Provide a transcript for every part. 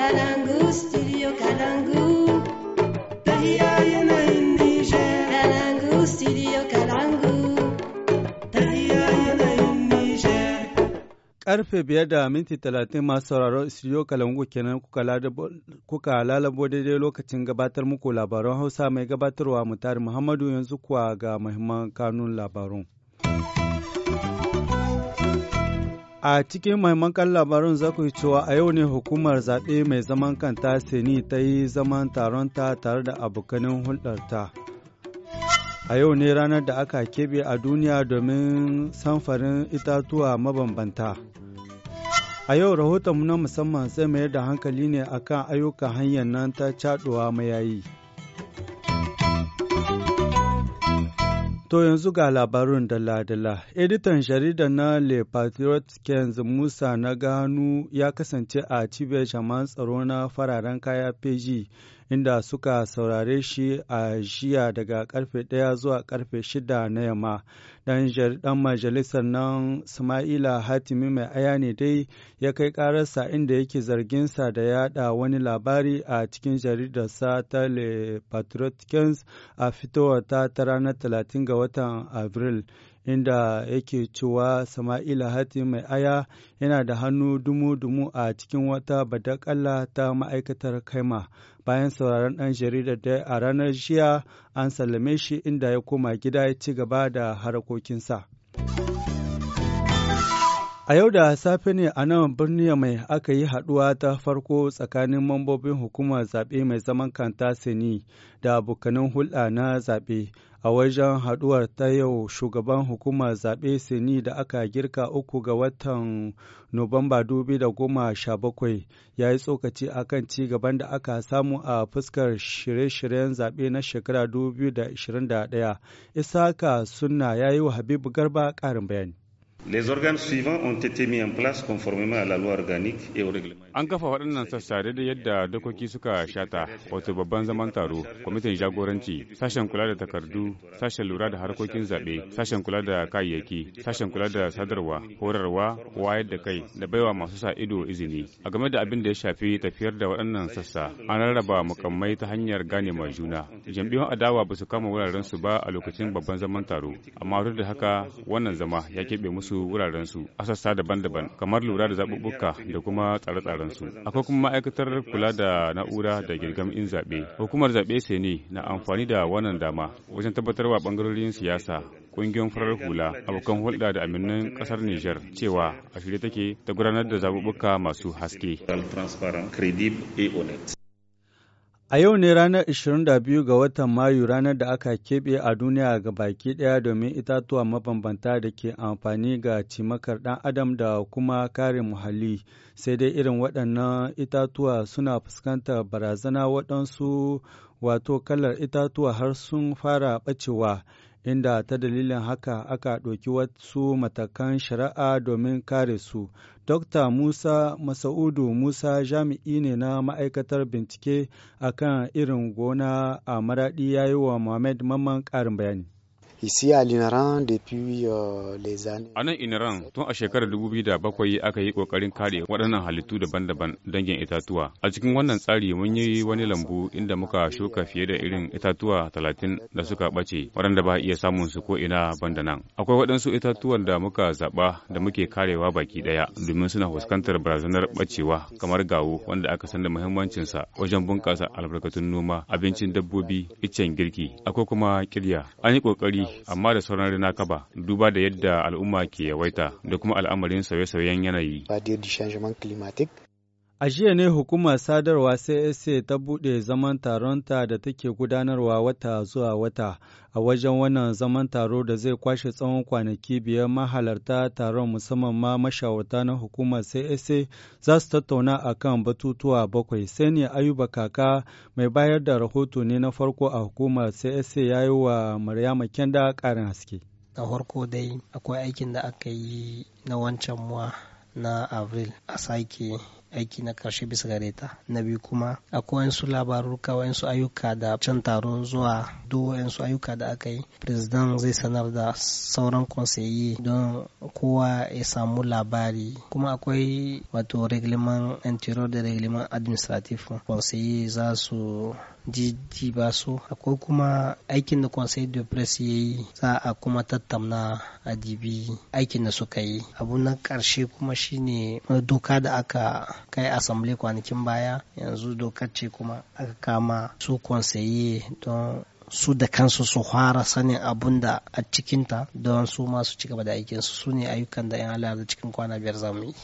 Kalangu, studio Karfe biyar da minti talatin masu sauraron studio Kalangu kenan kuka lalabo daidai lokacin gabatar muku labaran Hausa mai gabatarwa mutari Muhammadu yanzu kuwa ga mahimman kanun labarun. A cikin maimakon labarin za yi cewa a yau ne hukumar zaɓe mai zaman kanta Seni ta yi zaman taronta tare da abokanin hulɗarta. A yau ne ranar da aka keɓe a duniya domin samfarin itatuwa mabambanta. A yau rahotonmu na musamman zai mayar da hankali ne akan ayyukan hanyar nan ta caɗuwa mayayi. To yanzu ga labarun dala-dala. Editan jarida na Le Patriot Kenz Musa na gano ya kasance a cibiyar jaman tsaro na fararen kaya peji inda suka saurare shi a jiya daga karfe ɗaya zuwa karfe shida na yamma. Dan majalisar nan Sama'ila Hatimi mai aya ne dai ya kai ƙararsa inda yake zarginsa da yada wani labari a cikin jaridarsa ta Le Patriotkins a fitowa ta ranar 30 ga watan Abril. inda yake cewa Sama'ila Hati mai aya yana da hannu dumu-dumu a cikin wata badakalla ta ma'aikatar kaima. Bayan sauraron ɗan jaridar da a ranar jiya an sallame shi inda ya koma gida ya ci gaba da harkokinsa. A yau da safe ne a nan birni mai aka yi haɗuwa ta farko tsakanin mambobin hukumar zaɓe mai zaman kanta Seni da abokanan hulɗa na zaɓe. a wajen haduwar ta yau shugaban hukumar zaɓe sini da aka girka uku ga watan nuwamba dubi da goma sha ya yi tsokaci akan ci gaban da aka samu a fuskar shirye-shiryen zaɓe na shekara 2021 isaka sunna ya yi wa habibu garba ƙarin bayani Les organes suivants ont été mis en place conformément à la loi organique et au règlement. An kafa waɗannan sassa da yadda dokoki suka shata wato babban zaman taro, kwamitin jagoranci, sashen kula da takardu, sashen lura da harkokin zaɓe, sashen kula da kayayyaki, sashen kula da sadarwa, horarwa, wayar da kai da baiwa masu sa ido izini. A game da abin da ya shafi tafiyar da waɗannan sassa, an rarraba mukammai ta hanyar gane ma juna. Jam'iyyun adawa ba su kama wuraren su ba a lokacin babban zaman taro, amma duk da haka wannan zama ya keɓe musu wuraren su a sassa daban-daban kamar lura da zaɓuɓɓuka da kuma tsare tsaren su Akwai kuma ma'aikatar kula da na'ura da girgam in zaɓe. Hukumar zaɓe ne na amfani da wannan dama wajen tabbatar wa bangarorin siyasa kungiyoyin farar hula abokan hulɗa da aminnan ƙasar niger cewa a shirye take ta gudanar da zaɓuɓɓuka masu haske. A yau ne ranar 22 ga watan Mayu ranar da aka keɓe a duniya ga baki ɗaya domin itatuwa mabambanta da ke amfani ga cimakar ɗan adam da kuma kare muhalli. Sai dai irin waɗannan itatuwa suna fuskantar barazana waɗansu wato kalar itatuwa har sun fara ɓacewa inda ta dalilin haka aka ɗauki wasu matakan shari'a domin kare su. Dokta Musa Masa'udu Musa jami'i ne na ma'aikatar bincike akan irin gona a maraɗi ya yi wa Mohamed Mamman ƙarin bayani. Ici à depuis euh, A nan Inaran tun a shekarar dubu da bakwai aka yi kokarin kare waɗannan halittu daban-daban dangin itatuwa. A cikin wannan tsari mun yi wani lambu inda muka shuka fiye da irin itatuwa talatin da suka ɓace waɗanda ba iya samun su ko ina da nan. Akwai waɗansu itatuwan da muka zaɓa da muke karewa baki ɗaya domin suna fuskantar barazanar ɓacewa kamar gawo wanda aka san da sa wajen bunƙasa albarkatun noma, abincin dabbobi, iccen girki, akwai kuma kirya. An yi ƙoƙari amma da sauran rina kaba duba da yadda al'umma ke yawaita da kuma al'amarin sauye-sauyen yanayi. A jiya ne hukumar sadarwa CSA ta buɗe zaman taronta da take gudanarwa wata zuwa wata. A wajen wannan zaman taro da zai kwashe tsawon kwanaki biyar mahalarta taron musamman ma mashawarta na hukumar CSA za su tattauna a kan batutuwa bakwai. sai ne Ayuba Kaka mai bayar da rahoto ne na farko a hukumar CSA ya yi wa Maryama Kenda ƙarin haske. Da farko dai akwai aikin da aka yi na wancan muwa na Avril a sake aiki na karshe bisa gare ta na biyu kuma akwai wasu labaruka wasu ayyuka da can taro zuwa duk wasu ayyuka da aka yi president zai sanar da sauran konsayi don kowa ya samu labari kuma akwai wato reglement interior da reglement administrative konsayi za su ba su akwai kuma aikin da conseil de presse ya yi za a kuma tattauna a dibi aikin da suka yi abu na karshe kuma shine doka da aka kai assembly kwanakin baya yanzu dokar ce kuma aka kama su conseil don su da kansu su fara sanin abun da a cikinta don su masu cigaba da aikinsu su ne ayyukan da 'yan halayya cikin kwana biyar zamu yi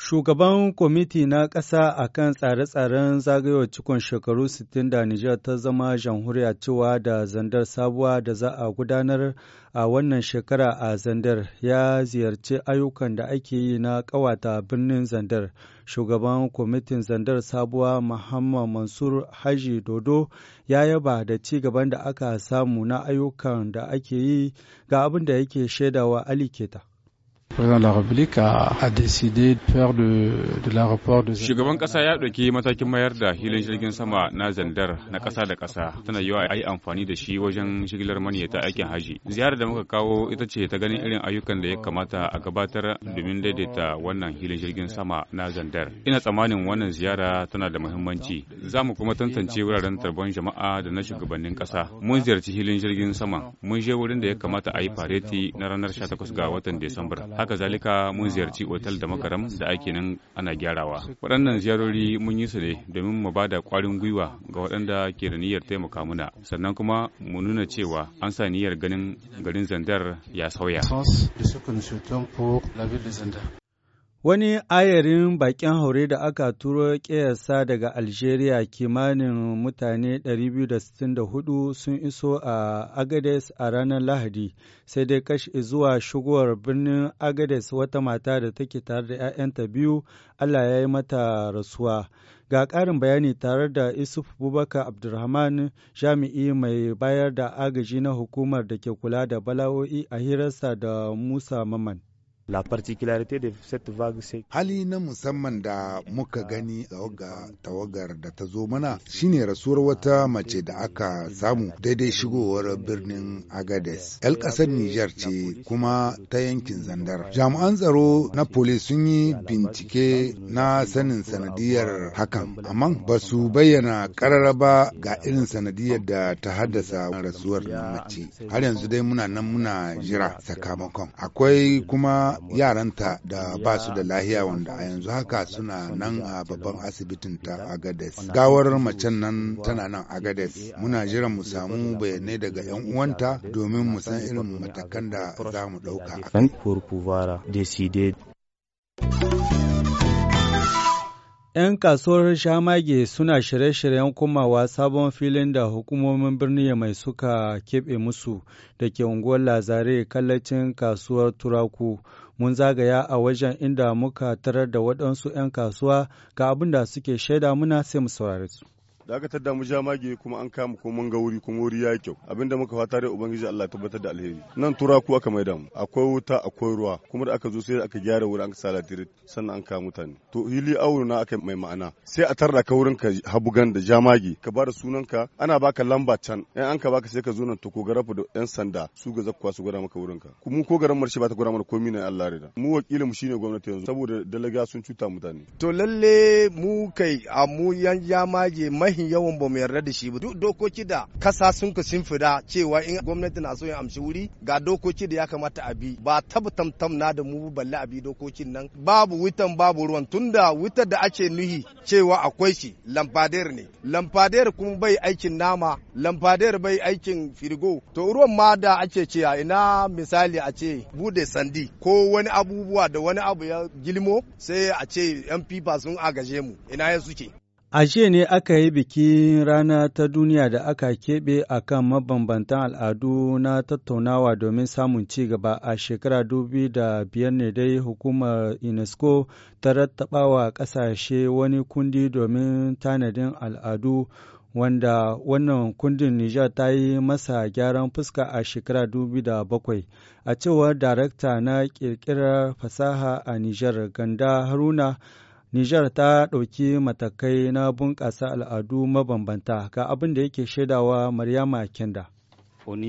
Shugaban kwamiti na ƙasa a kan tsare-tsaren zagayowar cikon shekaru 60 da Nijar ta zama jamhuriya cewa da zandar sabuwa da za a gudanar a wannan shekara a zandar ya ziyarci ayyukan da ake yi na ƙawata birnin zandar. Shugaban kwamitin zandar sabuwa Muhammad Mansur Haji Dodo ya yaba da ci gaban da aka samu na ayyukan da ake yi ga abin da yake shaidawa Ali Keta. a de. Shugaban kasa ya ɗauki matakin mayar da hilin jirgin sama na zandar na kasa da kasa tana yiwa a yi amfani da shi wajen shigilar ta aikin haji. Ziyarar da muka kawo ita ce ta ganin irin ayyukan da ya kamata a gabatar domin daidaita wannan hilin jirgin sama na zandar. Ina tsammanin wannan ziyara tana da muhimmanci. Za mu kuma tantance wuraren tarban jama'a da na shugabannin kasa Mun ziyarci hilin jirgin sama, mun je wurin da ya kamata a yi fareti na ranar 18 ga watan disamba haka zalika mun ziyarci otal da makaram da ake nan ana gyarawa waɗannan ziyarori mun yi su ne domin mu ba da ƙwarin gwiwa ga waɗanda ke da niyyar taimaka muna sannan kuma mu nuna cewa an sa niyyar ganin garin zandar ya sauya Wani ayarin bakin haure da aka turo ƙeyasa daga Algeria kimanin mutane 264 sun iso a Agades a ranar Lahadi, sai dai kashi zuwa shigowar birnin Agades wata mata da take tare da 'ya'yanta biyu Allah ya yi mata rasuwa. Ga ƙarin bayani tare da Isuf Bubakar Abdulrahman jami'i mai bayar da agaji na hukumar da ke kula da bala'o'i a hirarsa da Musa Maman. La particularité de cette vague c'est hali na musamman da muka gani ga tawagar da ta zo mana shine rasuwar wata mace da aka samu daidai shigowar birnin Agades. 'Yan ƙasar Nijar ce kuma ta yankin Zandar. Jami'an tsaro na polis sun yi bincike na sanin sanadiyar hakan, amma ba su bayyana ƙarara ba ga irin sanadiyar da ta haddasa rasuwar mace. Har yanzu dai muna nan muna jira sakamakon. Akwai kuma yaranta da ba su da lahiya wanda a yanzu haka suna nan a babban asibitin ta Agades. Gawar macen nan tana nan Agades. Muna jiran mu samu bayanai daga 'yan uwanta domin mu san irin matakan da za mu ɗauka. ‘Yan kasuwar Shamage suna shirye-shiryen komawa sabon filin da hukumomin birni mai suka keɓe musu da ke unguwar Lazare kallacin kasuwar Turaku. mun zagaya a wajen inda muka tarar da waɗansu 'yan kasuwa ga abin da suke shaida muna sai mu saurare su. da aka tadda mu magi kuma an kama ko mun ga wuri kuma wuri ya kyau abinda muka fata dai ubangiji Allah tabbatar da alheri nan tura ku aka mai maida mu akwai wuta akwai ruwa kuma da aka zo sai aka gyara wurin aka sa latirit sannan an kama mutane to hili auru na aka mai ma'ana sai a tarda ka wurin ka habugan da jamagi. ka bada sunanka ana baka lamba can in an ka baka sai ka zo nan to ko garafu da yan sanda su ga zakkuwa su gwada maka wurinka mu ko garan marshe ba ta gwada mana komai ne Allah rida mu wakili mu shine gwamnati yanzu saboda dalaga sun cuta mutane to lalle mu kai a mu yan jamage mai ainihin yawan ba mu yarda da shi ba duk dokoki da kasa sun ka sun fida cewa in gwamnati na so ya amshi wuri ga dokoki da ya kamata a bi ba tabbatam tam na da mu balle a bi dokokin nan babu wutan babu ruwan tunda wutar da ake nuhi cewa akwai shi lamfader ne lamfader kuma bai aikin nama lamfader bai aikin firgo to ruwan ma da ake ce a ina misali a ce bude sandi ko wani abubuwa da wani abu ya gilmo sai a ce yan fifa sun agaje mu ina ya suke A jiya ne aka yi bikin rana ta duniya da aka keɓe a kan mabambantan al'adu na tattaunawa domin samun ci gaba a shekara dubi da biyar ne dai hukumar UNESCO ta wa ƙasashe wani kundi domin tanadin al'adu wanda wannan kundin Nijar ta yi masa gyaran fuska a shekara dubi da bakwai, a cewar darakta na ƙirƙirar fasaha a Nijar Ganda Haruna. Nijar ta ɗauki matakai na bunƙasa al'adu mabambanta ga abin da yake shaidawa Maryama Kenda. a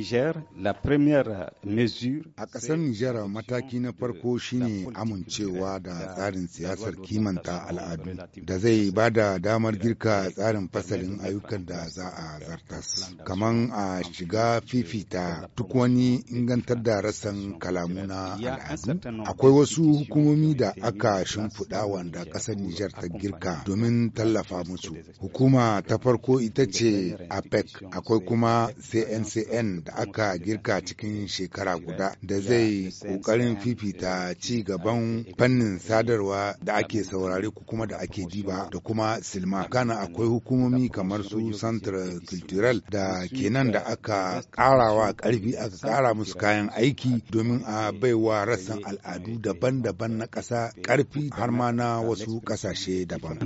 ƙasar Nijar mataki na farko shine amincewa da tsarin siyasar kimanta al'adu da zai ba da damar girka tsarin fasalin ayyukan da za a zartas kaman a shiga fifita duk wani ingantar da rasan kalamu na al'adu akwai wasu hukumomi da aka shimfiɗa wanda ƙasar Nijar ta girka domin tallafa musu hukuma ta farko ita ce apec akwai kuma cncn da aka girka cikin shekara guda da zai kokarin fifita ci gaban fannin sadarwa da ake saurare ko kuma da ake diba da kuma silma kana akwai hukumomi kamar su centre cultural da kenan da aka karawa karfi aka kara musu kayan aiki domin a baiwa rassan al'adu daban-daban na ƙasa karfi har ma na wasu ƙasashe daban.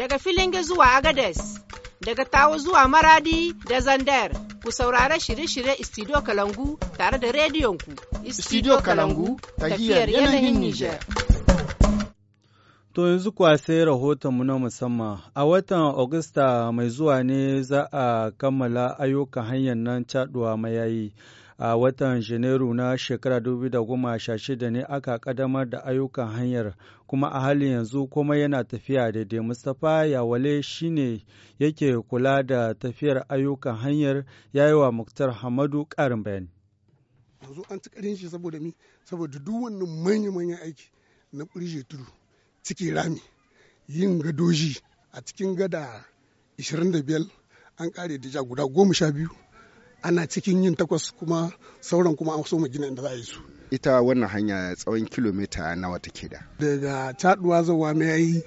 daga Filinge zuwa Agades, daga Tawo zuwa Maradi da Zander, Ku saurara shirye shiryen Studio Kalangu tare da rediyonku. Studio Kalangu, tafiyar yanayin Nijar. To yanzu kuwa sai rahotonmu na musamman. A watan Agusta mai zuwa ne za a kammala ayyukan hanyar nan caɗuwa mayayi. a watan janairu na shekara 2016 ne aka kadamar da ayyukan hanyar kuma a halin yanzu kuma yana tafiya daidai mustapha yawale shine yake kula da tafiyar ayyukan hanyar ya yi wa muktar hamadu karin bayani yanzu an ci karin shi saboda mi saboda duk wannan manya-manyan aiki na birje tudu ciki rami yin gadoji a cikin gada 25 an kare da ja guda 12. ana cikin yin takwas kuma sauran kuma an so mu gina inda za a yi su ita wannan hanya tsawon kilomita nawa take da daga caduwa zuwa mai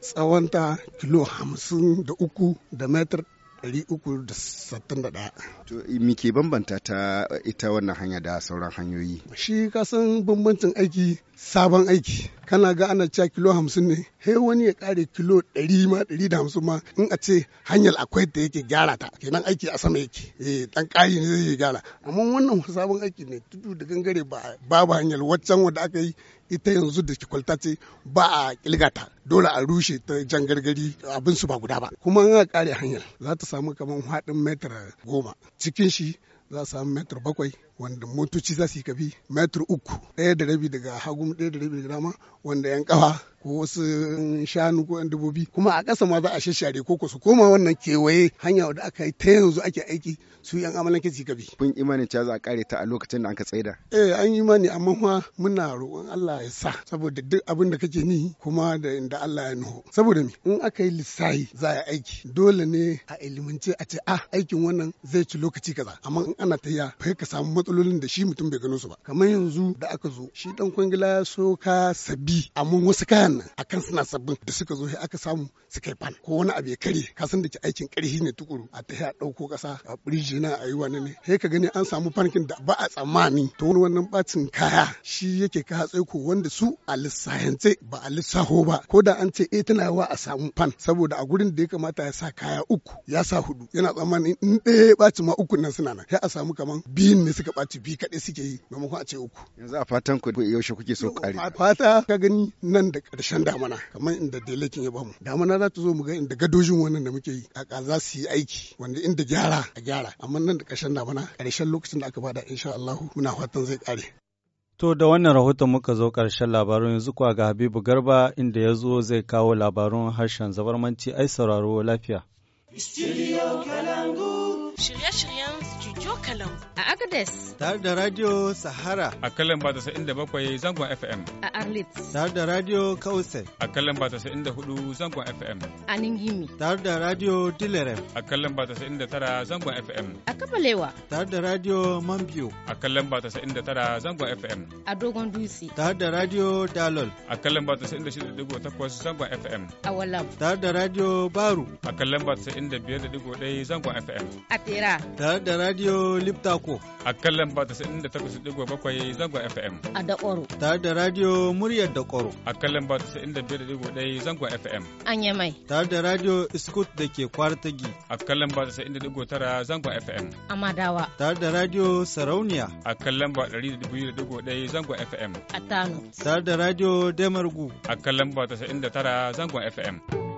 tsawonta kilo hamsin da uku da metar 361. To me ke bambanta ta ita wannan hanya da sauran hanyoyi? Shi kasan bambancin aiki sabon aiki. Kana ga ana cewa kilo hamsin ne, he wani ya kare kilo ɗari ma ɗari da hamsin ma in a ce hanyar akwai da yake gyara ta kenan aiki a sama yake eh dan kayi ne zai gyara amma wannan sabon aiki ne tudu da gangare ba babu hanyar waccan wanda aka yi ita yanzu da kwalta ce ba a kilgata dole a rushe ta jan gargari abin su ba guda ba kuma in kare hanya za ta samu kamar haɗin metar goma cikin shi za a samu metar bakwai wanda motoci za su yi kabi metr uku ɗaya da rabi daga hagu ɗaya da rabi daga dama wanda yan kafa ko wasu shanu ko yan dabobi kuma a ƙasa ma za a shashare ko su koma wannan kewaye hanya da aka yi ta yanzu ake aiki su yan amalan kici kabi. Kun imani cewa za a kare ta a lokacin da aka tsaida? Eh an yi imani amma kuma muna roƙon Allah ya sa saboda duk abin da kake ni kuma da inda Allah ya nuhu. Saboda mi in aka yi lissahi za a aiki dole ne a ilimance a ce a ah, aikin wannan zai ci lokaci kaza amma in ana ta ya ka samu matsalolin da shi mutum bai gano su ba kamar yanzu da aka zo shi dan kwangila ya so ka sabbi amma wasu kayan nan akan suna sabbin da suka zo sai aka samu suka yi fan ko wani abu ya kare ka san da ke aikin karhi ne tukuru a ta dauko kasa a birji na a yi wani ne sai ka gani an samu fankin da ba a tsammani to wani wannan bacin kaya shi yake ka hatsai ko wanda su a lissahance ba a lissaho ba ko da an ce e tana yawa a samu fan saboda a gurin da ya kamata ya sa kaya uku ya sa hudu yana tsammanin in ɗaya ɓaci ma uku nan suna nan sai a samu kaman biyun ne suka ɓaci biyu kaɗai suke yi maimakon a ce uku. Yanzu a fatan ku yaushe kuke so ƙari. Fata ka gani nan da ƙarshen damana kamar inda delekin ya bamu. Damana za ta zo mu ga inda gadojin wannan da muke yi a za su yi aiki wanda inda gyara a gyara amma nan da ƙarshen damana ƙarshen lokacin da aka bada insha Allah muna fatan zai ƙare. To da wannan rahoton muka zo ƙarshen labarun yanzu kuwa ga Habibu Garba inda ya zo zai kawo labarun harshen zabarmanci ai sauraro lafiya. a Agades. Tare da Radio Sahara. A kalan ba da bakwai zangon FM. A Arlit. Tare da Radio Kausai. A kalan ba da hudu zangon FM. A Ningimi. Tare da Radio Dilerem. A kalan ba da tara zangon FM. A Kabalewa. Tare da Radio Mambiyo. A kalan ba da tara zangon FM. A Dogon Dutse. Tare da Radio Dalol. A kalan ba da takwas zangon FM. A Walam. Tare da Radio Baru. A kalan ba da biyar da zangon FM. A Tera. Tare da Radio Lipta Bako a kan lamba 98.7 zangon FM. A Dakoro. Tare da Radio Muryar Dakoro. A kan lamba 95.1 zangon FM. An Yamai. Tare da Radio Iskut da ke Kwartagi. A kan lamba 99.9 zangon FM. A Madawa. Tare da Radio Sarauniya. A kan lamba 102.1 zangon FM. A Tano. Tare da Radio Demargu. A kan lamba 99.9 zangon FM.